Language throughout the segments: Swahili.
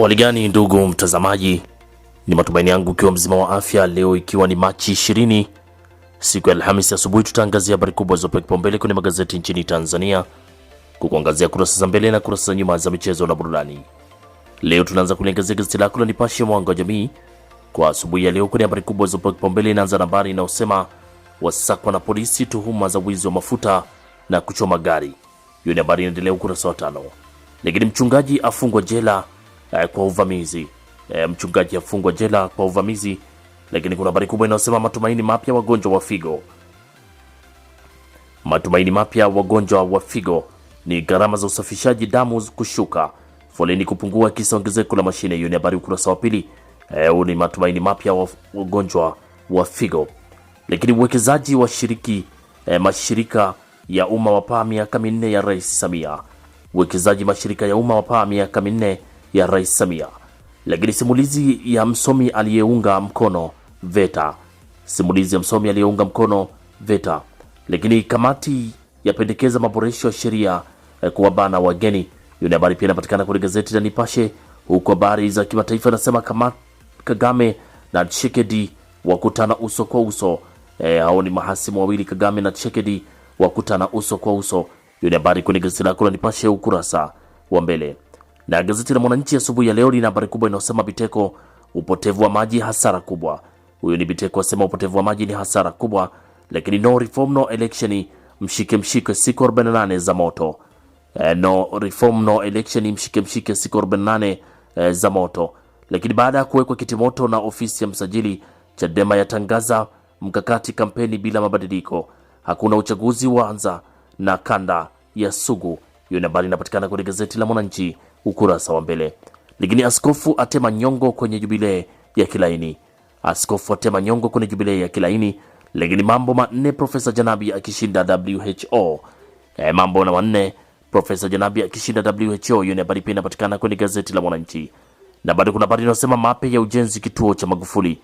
Waligani ndugu mtazamaji, ni matumaini yangu ukiwa mzima wa afya. Leo ikiwa ni Machi 20 siku ya Alhamisi asubuhi, tutaangazia habari kubwa zilizopewa kipaumbele kwenye magazeti nchini Tanzania, kukuangazia kurasa za mbele na kurasa za nyuma za michezo na burudani. Leo tunaanza kuliangazia gazeti lako la Nipashe Mwanga wa Jamii kwa asubuhi ya leo kwenye habari kubwa zilizopewa kipaumbele. Inaanza na habari inayosema wasakwa na polisi tuhuma za wizi wa mafuta na kuchoma gari. Hiyo ni habari inaendelea ukurasa wa tano. Lakini mchungaji afungwa jela eh, kwa uvamizi eh, mchungaji afungwa jela kwa uvamizi. Lakini kuna habari kubwa inayosema matumaini mapya wagonjwa wa figo. Matumaini mapya wagonjwa wa figo ni gharama za usafishaji damu kushuka, foleni kupungua, kisa ongezeko la mashine. Hiyo ni habari ukurasa wa pili. Eh, huu ni matumaini mapya wagonjwa wa figo. Lakini uwekezaji wa shiriki e, mashirika ya umma wapaa miaka minne ya Rais Samia. Uwekezaji mashirika ya umma wapaa miaka minne ya Rais Samia, lakini simulizi ya msomi aliyeunga mkono VETA, simulizi ya msomi aliyeunga mkono VETA. Lakini kamati yapendekeza maboresho ya sheria eh, kuwabana wageni. Hiyo ni habari pia inapatikana kwenye gazeti la Nipashe, Huko habari za kimataifa nasema kama Kagame na Tshisekedi wakutana uso kwa uso. E, hao ni mahasimu wawili Kagame na Tshisekedi wakutana uso kwa uso. Hiyo ni habari kwenye gazeti lako la Nipashe ukurasa wa mbele. Na gazeti la Mwananchi asubuhi ya, ya leo lina habari kubwa inayosema Biteko, upotevu wa maji hasara kubwa. Huyo ni Biteko asema upotevu wa maji ni hasara kubwa, lakini no reform no election, mshike mshike siku 48 za moto. Eh, no reform no election, mshike mshike siku 48 eh, za moto. Lakini baada ya kuwekwa kitimoto na ofisi ya msajili, Chadema yatangaza mkakati kampeni bila mabadiliko, hakuna uchaguzi waanza na kanda ya sugu. Hiyo ni habari inapatikana kwenye gazeti la Mwananchi ukurasa wa mbele. Lakini askofu atema nyongo kwenye jubilee ya Kilaini. Askofu atema nyongo kwenye jubilee ya Kilaini. Lakini mambo manne Profesa Janabi akishinda WHO. E, mambo na manne Profesa Janabi akishinda WHO. Hiyo ni habari pia inapatikana kwenye gazeti la Mwananchi, na bado kuna habari inayosema mapya ya ujenzi kituo cha Magufuli,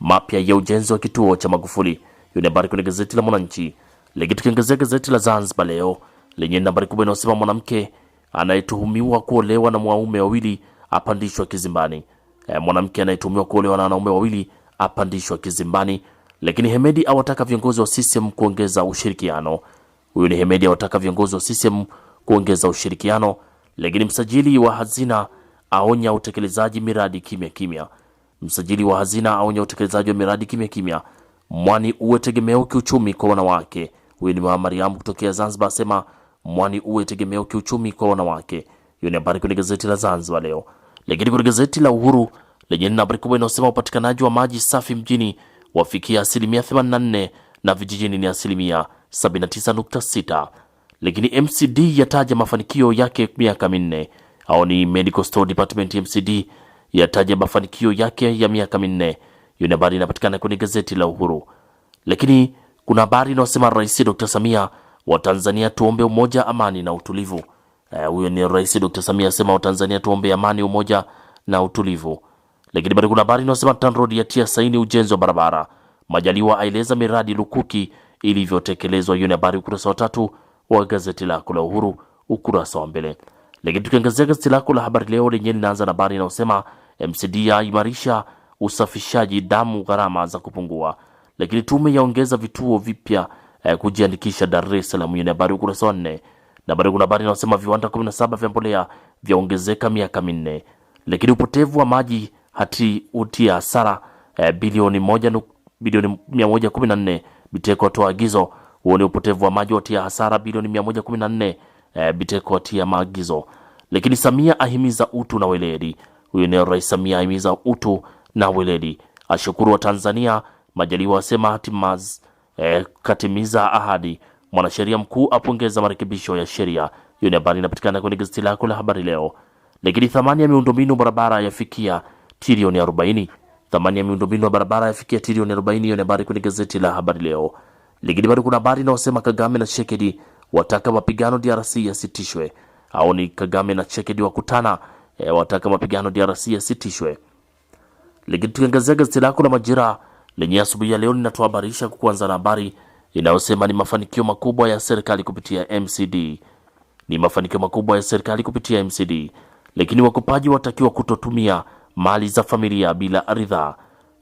mapya ya ujenzi wa kituo cha Magufuli. Hiyo ni habari kwenye gazeti la Mwananchi. Lakini tukiongezea gazeti la Zanzibar Leo lenye nambari kubwa inayosema mwanamke anayetuhumiwa kuolewa na mwaume wawili apandishwa kizimbani. E, mwanamke anayetuhumiwa kuolewa na wanaume wawili apandishwa kizimbani. Lakini Hemedi awataka viongozi wa CCM kuongeza ushirikiano. Huyu ni Hemedi awataka viongozi wa CCM kuongeza ushirikiano. Lakini msajili wa hazina aonya utekelezaji miradi kimya kimya. Msajili wa hazina aonya utekelezaji wa miradi kimya kimya. Mwani uwe tegemeo kiuchumi kwa wanawake. Huyu ni Mama Mariamu kutokea Zanzibar asema mwani uwe tegemeo kiuchumi kwa wanawake. Hiyo ni habari kwenye gazeti la Zanzibar Leo. Lakini kwenye gazeti la Uhuru lenye lina habari kubwa inayosema upatikanaji wa maji safi mjini wafikia asilimia 84 na vijijini ni asilimia 79.6. Lakini MCD yataja mafanikio yake miaka minne, au ni Medical Store Department MCD yataja mafanikio yake ya miaka minne. Hiyo ni habari inapatikana kwenye gazeti la Uhuru. Lakini kuna habari inayosema Rais Dr. Samia Watanzania tuombe umoja, amani na utulivu. Eh, huyo uh, ni Rais Dr. Samia asema Watanzania tuombe amani, umoja na utulivu. Lakini bado kuna habari inayosema TANROADS yatia saini ujenzi wa barabara. Majaliwa aeleza miradi lukuki ilivyotekelezwa. Hiyo ni habari ukurasa wa tatu wa gazeti lako la Uhuru ukurasa wa mbele. Lakini tukiangazia gazeti lako la Habari Leo lenyewe linaanza na habari inayosema MCD yaimarisha usafishaji damu, gharama za kupungua. Lakini tume yaongeza vituo vipya eh, kujiandikisha Dar es Salaam. Hiyo ni habari ukurasa wa nne na bado kuna habari inasema viwanda 17 vya mbolea vyaongezeka miaka minne, lakini upotevu wa maji hati utia hasara eh, bilioni moja nuk, bilioni 114. Biteko atoa agizo. Huo ni upotevu wa maji watia hasara bilioni 114. Eh, Biteko atia maagizo. Lakini Samia ahimiza utu na weledi. Huyo ni Rais Samia ahimiza utu na weledi, ashukuru wa Tanzania. Majaliwa asema hatima eh, katimiza ahadi. Mwanasheria mkuu apongeza marekebisho ya sheria. Hiyo ni habari inapatikana kwenye gazeti lako la habari leo. Lakini thamani ya miundombinu barabara yafikia trilioni 40. Thamani ya miundombinu ya barabara yafikia trilioni 40. Hiyo ni habari kwenye gazeti la habari leo. Lakini bado kuna habari inayosema Kagame na Tshisekedi wataka mapigano DRC yasitishwe, au ni Kagame na Tshisekedi wakutana, e, wataka mapigano DRC yasitishwe. Lakini tukiangazia gazeti lako la Majira lenye asubuhi ya leo linatuhabarisha kuanza na habari inayosema ni mafanikio makubwa ya serikali kupitia MCD. Ni mafanikio makubwa ya serikali kupitia MCD, lakini wakopaji watakiwa kutotumia mali za familia bila ridhaa.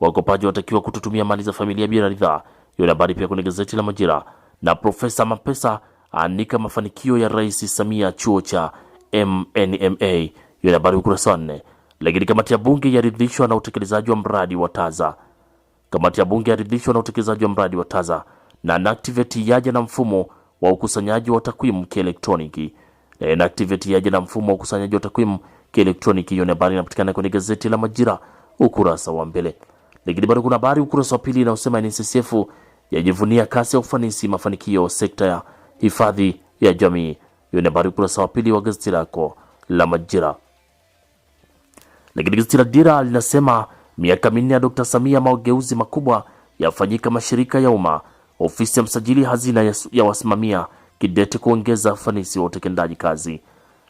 Wakopaji watakiwa kutotumia mali za familia bila ridhaa. Hiyo ni habari pia kwenye gazeti la Majira. Na Profesa Mapesa anika mafanikio ya Rais Samia chuo cha MNMA. Hiyo ni habari ukurasa wa nne. Lakini kamati ya bunge yaridhishwa na utekelezaji wa mradi wa Taza. Kamati ya bunge yaridhishwa na utekelezaji wa mradi wa TAZA na NACTVET yaja na mfumo wa ukusanyaji wa takwimu kielektroniki. E, NACTVET yaja na mfumo wa ukusanyaji wa takwimu kielektroniki. Hiyo ni habari inapatikana kwenye gazeti la Majira ukurasa wa mbele, lakini bado kuna habari ukurasa wa pili inayosema NSSF yajivunia kasi ya ufanisi mafanikio sekta ya hifadhi ya jamii. Hiyo ni habari ukurasa wa pili wa gazeti lako la Majira. Lakini gazeti la Dira linasema Miaka minne ya Dr. Samia, mageuzi makubwa yafanyika mashirika ya umma. Ofisi ya msajili hazina ya wasimamia kidete kuongeza ufanisi wa utekendaji kazi.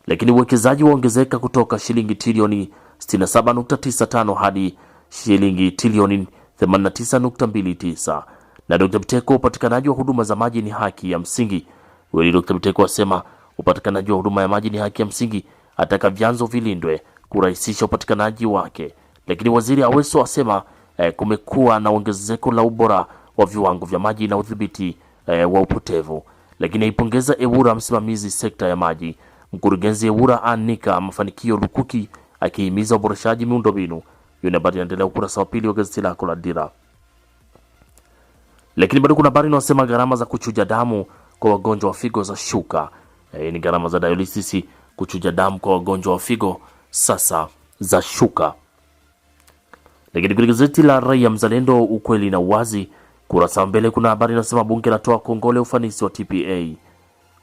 Lakini uwekezaji waongezeka kutoka shilingi trilioni 67.95 hadi shilingi trilioni 89.29. Na Dr. Mteko, upatikanaji wa huduma za maji ni haki ya msingi. Weli Dr. Mteko asema upatikanaji wa huduma ya maji ni haki ya msingi, ataka vyanzo vilindwe kurahisisha upatikanaji wake. Lakini waziri Aweso asema eh, kumekuwa na ongezeko la ubora wa viwango vya maji na udhibiti eh, wa upotevu. Lakini aipongeza Ewura msimamizi sekta ya maji. Mkurugenzi Ewura anika mafanikio lukuki akihimiza uboreshaji miundombinu. Hiyo ni habari inaendelea ukurasa wa pili wa gazeti lako la Dira. Lakini bado kuna habari inayosema gharama za kuchuja damu kwa wagonjwa wa figo za shuka. E, ni gharama za dialysis kuchuja damu kwa wagonjwa wa figo sasa za shuka. Lakini kwenye gazeti la Raia Mzalendo, ukweli na uwazi, kurasa wa mbele, kuna habari inasema bunge latoa kongole ufanisi wa TPA,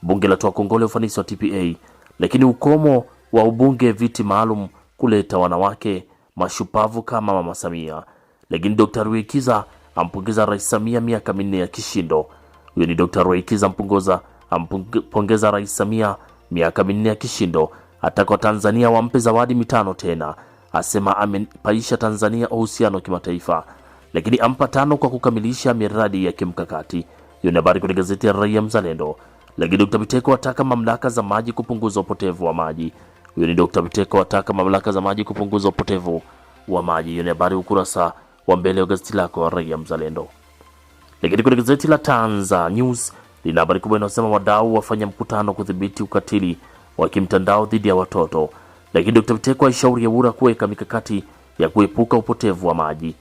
bunge latoa kongole ufanisi wa TPA. Lakini ukomo wa ubunge viti maalum kuleta wanawake mashupavu kama mama Samia. Lakini Dr. Ruikiza ampongeza Rais Samia miaka minne ya kishindo. Huyo ni Dr. Ruikiza ampungoza ampongeza Rais Samia miaka minne ya kishindo, atakwa Tanzania wampe zawadi mitano tena asema amepaisha Tanzania uhusiano wa kimataifa, lakini ampa tano kwa kukamilisha miradi ya kimkakati. Hiyo ni habari kwenye gazeti ya Raia Mzalendo. Lakini Dr. Biteko ataka mamlaka za maji kupunguza upotevu wa maji. Huyo ni Dr. Biteko ataka mamlaka za maji kupunguza upotevu wa maji. Hiyo ni habari ukurasa wa mbele wa gazeti lako Raia Mzalendo. Lakini kwenye gazeti la Tanza News lina habari kubwa inayosema wadau wafanya mkutano kudhibiti ukatili wa kimtandao dhidi ya watoto. Lakini Dkt. Mteko aishauri Ewura kuweka mikakati ya kuepuka upotevu wa maji.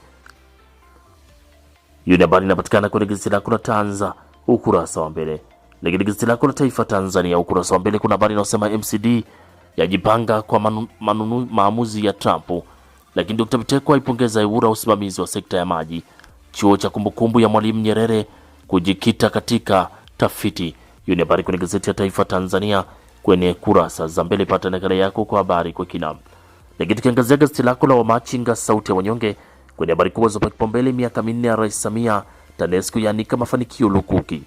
Hiyo ni habari inapatikana kwenye gazeti lako la Tanza ukurasa wa mbele. Lakini gazeti lako la Taifa Tanzania ukurasa wa mbele kuna habari inayosema MCD yajipanga kwa manu, manunu, maamuzi ya Trump. Lakini Dr. Mtekwa aipongeza Ewura usimamizi wa sekta ya maji. Chuo cha kumbukumbu ya Mwalimu Nyerere kujikita katika tafiti. Hiyo ni habari kwenye gazeti ya Taifa Tanzania kwenye kurasa za mbele. Pata nakala yako kwa habari kwa kina. Lakini tukiangazia gazeti lako la Wamachinga sauti ya wanyonge kwenye habari kubwa zopa kipaumbele, miaka minne ya Rais Samia, TANESCO yanika mafanikio lukuki.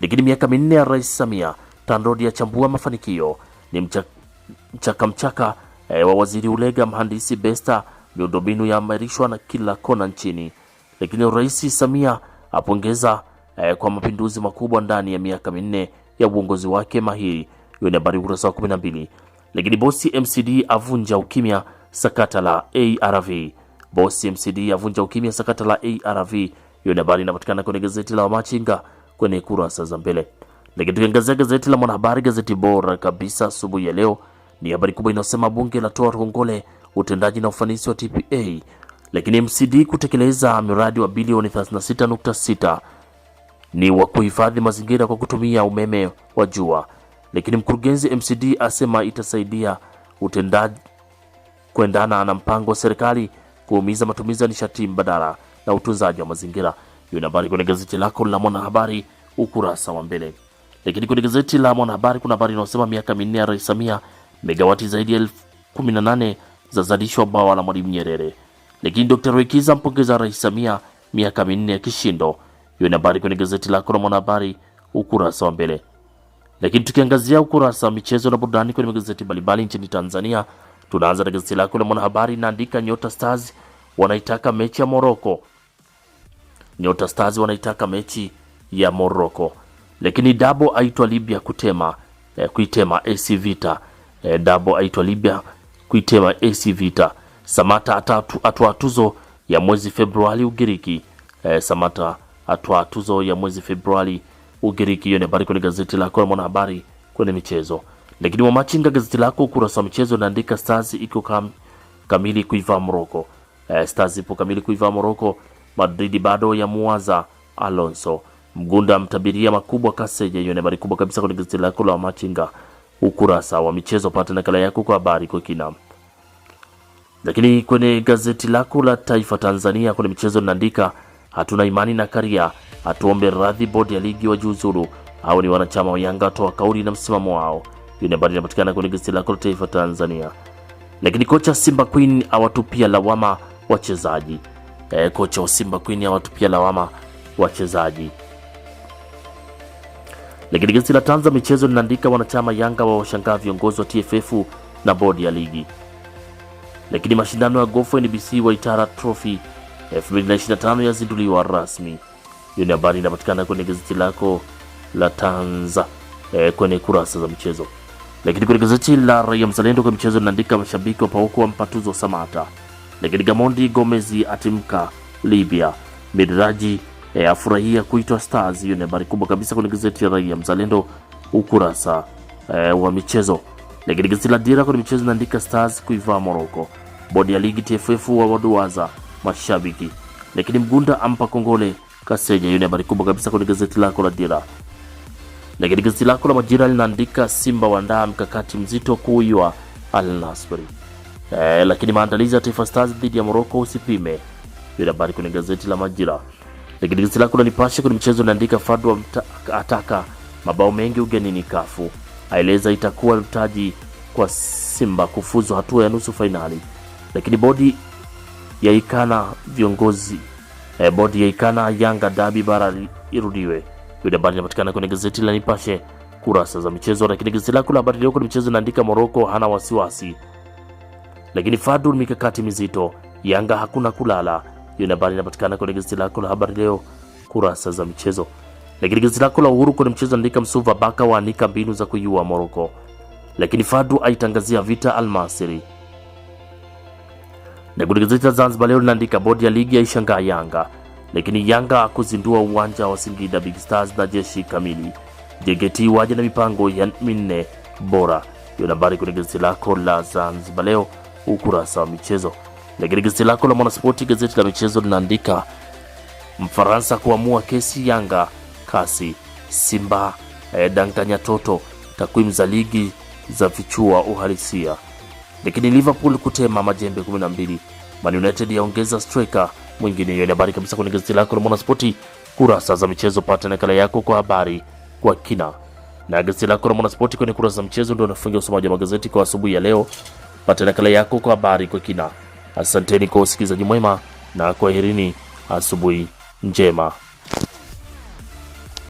Lakini miaka minne ya Rais Samia, TANROADS yachambua mafanikio. Ni mchakamchaka mchaka, e, wa waziri Ulega, mhandisi Besta, miundombinu yaimarishwa na kila kona nchini. Lakini Rais Samia apongeza e, kwa mapinduzi makubwa ndani ya miaka minne ya uongozi wake mahiri hiyo ni habari ukurasa wa 12. Lakini bosi MCD avunja ukimya sakata la ARV. Bosi MCD avunja ukimya sakata la ARV. Hiyo ni habari inapatikana kwenye gazeti la Wamachinga kwenye kurasa za mbele. Lakini tukiangazia gazeti la Mwanahabari, gazeti bora kabisa asubuhi ya leo, ni habari kubwa inayosema bunge toa rongole utendaji na ufanisi wa TPA. Lakini MCD kutekeleza miradi wa bilioni 36.6 ni wa kuhifadhi mazingira kwa kutumia umeme wa jua lakini mkurugenzi MCD asema itasaidia utendaji kuendana na mpango wa serikali kuumiza matumizi ya nishati mbadala na utunzaji wa mazingira. Hiyo ni habari kwenye gazeti lako la Mwanahabari ukurasa wa mbele. Lakini kwenye gazeti la Mwanahabari kuna habari inayosema miaka minne ya Rais Samia, megawati zaidi ya elfu kumi na nane zazalishwa bawa la Mwalimu Nyerere. Lakini Dr. Wekiza mpongeza Rais Samia miaka minne ya kishindo. Hiyo ni habari kwenye gazeti lako la Mwanahabari ukurasa wa mbele. Lakini tukiangazia ukurasa wa michezo na burudani kwenye magazeti mbalimbali nchini Tanzania, tunaanza na gazeti lako la Mwanahabari inaandika Nyota Stars wanaitaka mechi ya Moroko. Nyota Stars wanaitaka mechi ya Moroko. Lakini Dabo aitwa Libya kutema eh, kuitema AC Vita. Eh, Dabo aitwa Libya kuitema AC Vita. Samata atatu atwa tuzo ya mwezi Februari Ugiriki. Eh, Samata atwa tuzo ya mwezi Februari Ugiriki. Hiyo ni habari kwenye gazeti lako la Mwanahabari kwenye michezo. Lakini Wamachinga, gazeti lako ukurasa wa michezo inaandika Stars iko kam, kamili kuivaa Moroko. E, eh, Stars ipo kamili kuivaa Moroko. Madridi bado ya muwaza Alonso. Mgunda mtabiria makubwa Kaseje. Hiyo ni habari kubwa kabisa kwenye gazeti lako la Wamachinga ukurasa wa michezo. Pata nakala yako kwa habari kwa kina. Lakini kwenye gazeti lako la Taifa Tanzania kwenye michezo linaandika hatuna imani na Karia atuombe radhi bodi ya ligi wajiuzulu au ni wanachama wa Yanga watoa kauli na msimamo wao. Hiyo ni habari inapatikana kwenye gazeti lako la Taifa Tanzania. Lakini kocha Simba Queen awatupia lawama wachezaji. E, kocha wa Simba Queen awatupia lawama wachezaji. Lakini gazeti la Tanza michezo linaandika wanachama Yanga wa washangaa viongozi wa TFF na bodi ya ligi. Lakini mashindano ya gofu NBC Waitara Trophy 2025 yazinduliwa rasmi. Hiyo ni habari inapatikana kwenye gazeti lako la Tanza e, kwenye kurasa za mchezo. Lakini kwenye gazeti la Raia Mzalendo kwa mchezo linaandika mashabiki wapauka wampa tuzo Samata. Lakini Gamondi Gomez atimka Libya. Midraji e, afurahia kuitwa Stars. Hiyo ni habari kubwa kabisa kwenye gazeti la Raia Mzalendo ukurasa e, wa michezo. Lakini gazeti la Dira kwenye michezo linaandika Stars kuivaa Morocco. Bodi ya ligi TFF wa waduaza mashabiki. Lakini Mgunda ampa kongole Kaseja. Hiyo ni habari kubwa kabisa kwenye gazeti lako la Dira. Lakini gazeti lako la Majira linaandika Simba waandaa mkakati mzito kuuiwa Al Nassr. Eh, lakini maandalizi ya Taifa Stars dhidi ya Morocco usipime. Hiyo ni habari kwenye gazeti la Majira. Lakini gazeti lako la Nipashe kwenye mchezo linaandika Fadwa ataka mabao mengi ugenini kafu. Aeleza itakuwa mtaji kwa Simba kufuzu hatua ya nusu fainali. Lakini bodi yaikana viongozi E, bodi ya ikana Yanga dabi bara irudiwe. Yule habari inapatikana kwenye gazeti la Nipashe kurasa za michezo, lakini gazeti lako la habari leo kwenye michezo inaandika Moroko hana wasiwasi, lakini Fadul mikakati mizito, Yanga hakuna kulala. Yule habari inapatikana kwenye gazeti lako la habari leo kurasa za michezo, lakini gazeti lako la Uhuru kwenye michezo inaandika Msuva Baka waanika mbinu za kuiua Moroko, lakini Fadu aitangazia vita Almasiri. Na kuna gazeti la Zanzibar leo linaandika bodi ya ligi yaishangaa Yanga, lakini Yanga kuzindua uwanja wa Singida Big Stars na jeshi kamili. JKT waje na mipango ya minne bora. Hiyo nambari kwenye gazeti lako la Zanzibar leo ukurasa wa michezo. Lakini gazeti lako la Mwanaspoti, gazeti la michezo linaandika Mfaransa kuamua kesi Yanga kasi Simba eh, danganya toto. Takwimu za ligi za fichua uhalisia lakini Liverpool kutema majembe 12. Man United yaongeza striker mwingine. Hiyo ni habari kabisa kwenye gazeti lako la Mwanaspoti kurasa za michezo. Pata nakala yako kwa habari kwa kina na gazeti lako la Mwanaspoti kwenye kurasa za michezo. Ndio nafungia usomaji wa magazeti kwa asubuhi ya leo. Pata nakala yako kwa habari kwa kina. Asanteni kwa usikilizaji mwema na kwaherini, asubuhi njema.